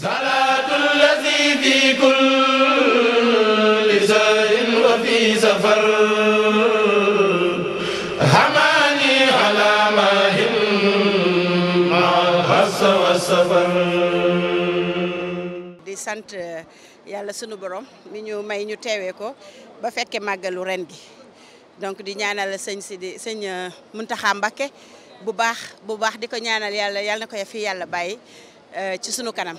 di sant eh, yàlla sunu borom mi ñu may ñu teewee ko ba fekke màggalu ren gi donc di ñaanal sëñ si di sëñ eh, Muntaxa Mbakke bu baax bu baax di ko ñaanal yàlla yàlla na ko fi yàlla bàyyi eh, ci sunu kanam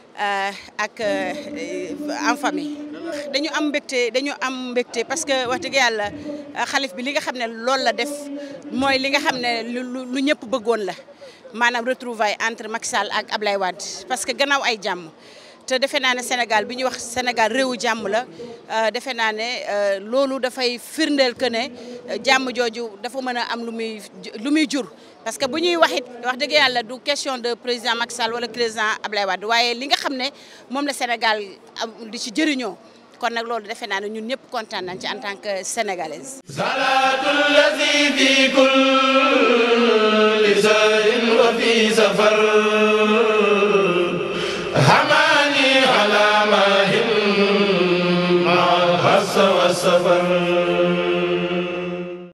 Euh, ak euh, euh, en famille dañu am mbégte dañu parce que wax dëgg yàlla xalif bi li nga def li nga lu retrouvaille entre Macky Sall ak que Wade parce que gannaaw ay te Sénégal bi ñuy wax Sénégal de Euh, defe naa ne euh, loolu dafay firndeel que ne euh, jàmm jooju dafa mën a am lu muy lu muy jur. parce que bu ñuy wax it wax dëgg yàlla du question de président Macky Sall wala président Ablaye Wade waaye li nga xam ne moom la Sénégal di ci jëriñoo kon nag loolu defe naa ne ñun ñëpp kontaan nañ ci en tant que sénégalaise. salaatu والسفر